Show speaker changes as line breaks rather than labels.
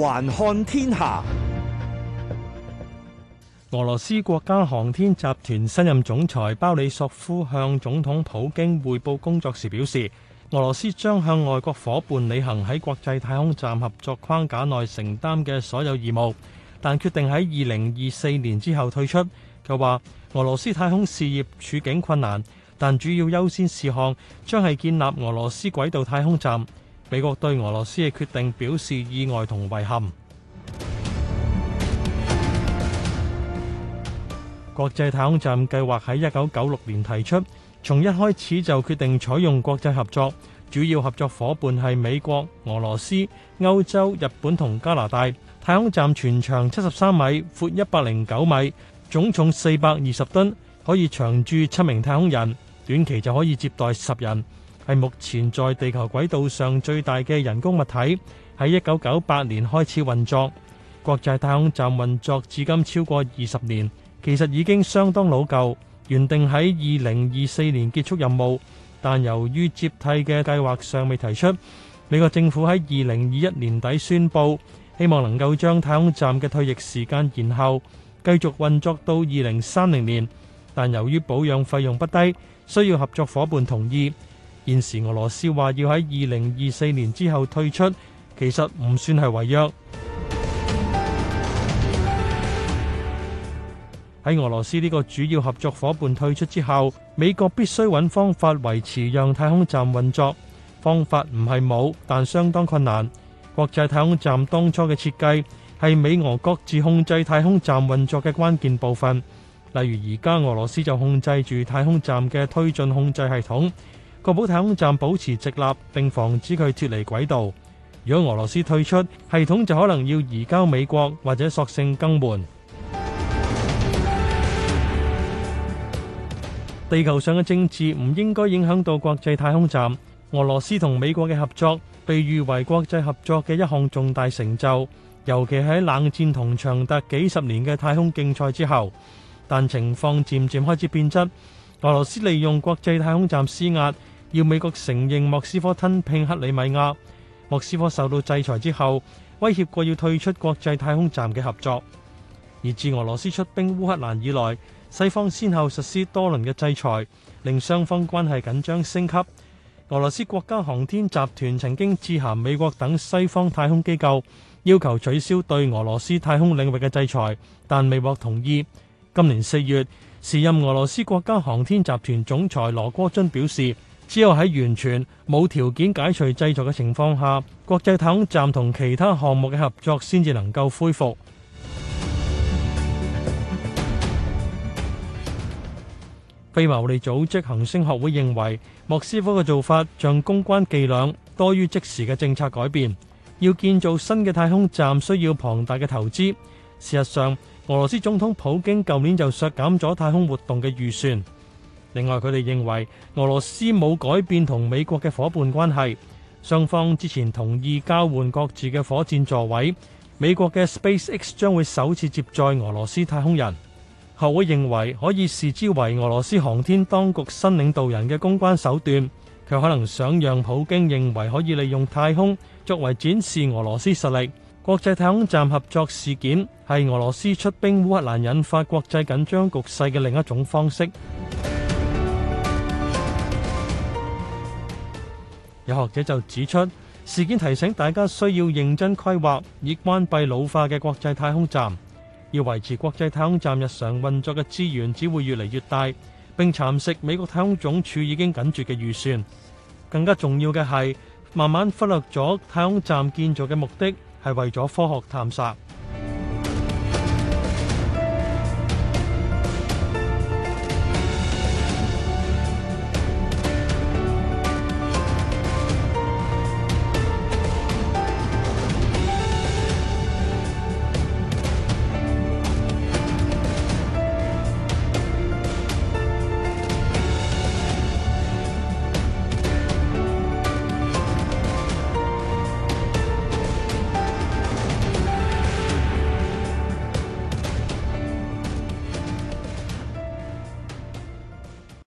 環看天下，俄羅斯國家航天集團新任總裁鮑里索夫，向總統普京匯報工作時表示，俄羅斯將向外國夥伴履行喺國際太空站合作框架內承擔嘅所有義務，但決定喺二零二四年之後退出。佢話俄羅斯太空事業處境困難，但主要優先事項將係建立俄羅斯軌道太空站。美國對俄羅斯嘅決定表示意外同遺憾。國際太空站計劃喺一九九六年提出，從一開始就決定採用國際合作，主要合作夥伴係美國、俄羅斯、歐洲、日本同加拿大。太空站全長七十三米，闊一百零九米，總重四百二十噸，可以長駐七名太空人，短期就可以接待十人。係目前在地球軌道上最大嘅人工物體，喺一九九八年開始運作。國際太空站運作至今超過二十年，其實已經相當老舊。原定喺二零二四年結束任務，但由於接替嘅計劃尚未提出，美國政府喺二零二一年底宣布，希望能夠將太空站嘅退役時間延後，繼續運作到二零三零年。但由於保養費用不低，需要合作夥伴同意。現時俄羅斯話要喺二零二四年之後退出，其實唔算係違約。喺俄羅斯呢個主要合作夥伴退出之後，美國必須揾方法維持讓太空站運作。方法唔係冇，但相當困難。國際太空站當初嘅設計係美俄各自控制太空站運作嘅關鍵部分，例如而家俄羅斯就控制住太空站嘅推進控制系統。確保太空站保持直立，並防止佢脫離軌道。如果俄羅斯退出，系統就可能要移交美國或者索性更換。地球上嘅政治唔應該影響到國際太空站。俄羅斯同美國嘅合作被譽為國際合作嘅一項重大成就，尤其喺冷戰同長達幾十年嘅太空競賽之後。但情況漸漸開始變質，俄羅斯利用國際太空站施壓。要美國承認莫斯科吞併克里米亞。莫斯科受到制裁之後，威脅過要退出國際太空站嘅合作。而自俄羅斯出兵烏克蘭以來，西方先後實施多輪嘅制裁，令雙方關係緊張升級。俄羅斯國家航天集團曾經致函美國等西方太空機構，要求取消對俄羅斯太空領域嘅制裁，但未獲同意。今年四月，時任俄羅斯國家航天集團總裁羅戈津表示。只有喺完全冇條件解除制裁嘅情況下，國際太空站同其他項目嘅合作先至能夠恢復。非牟利組織行星學會認為，莫斯科嘅做法像公關伎倆，多於即時嘅政策改變。要建造新嘅太空站需要龐大嘅投資。事實上，俄羅斯總統普京舊年就削減咗太空活動嘅預算。另外，佢哋認為俄羅斯冇改變同美國嘅伙伴關係，雙方之前同意交換各自嘅火箭座位。美國嘅 SpaceX 將會首次接載俄羅斯太空人。學會認為可以視之為俄羅斯航天當局新領導人嘅公關手段，佢可能想讓普京認為可以利用太空作為展示俄羅斯實力。國際太空站合作事件係俄羅斯出兵烏克蘭引發國際緊張局勢嘅另一種方式。有學者就指出，事件提醒大家需要認真規劃以關閉老化嘅國際太空站。要維持國際太空站日常運作嘅資源只會越嚟越大，並蠶食美國太空總署已經緊絀嘅預算。更加重要嘅係，慢慢忽略咗太空站建造嘅目的，係為咗科學探索。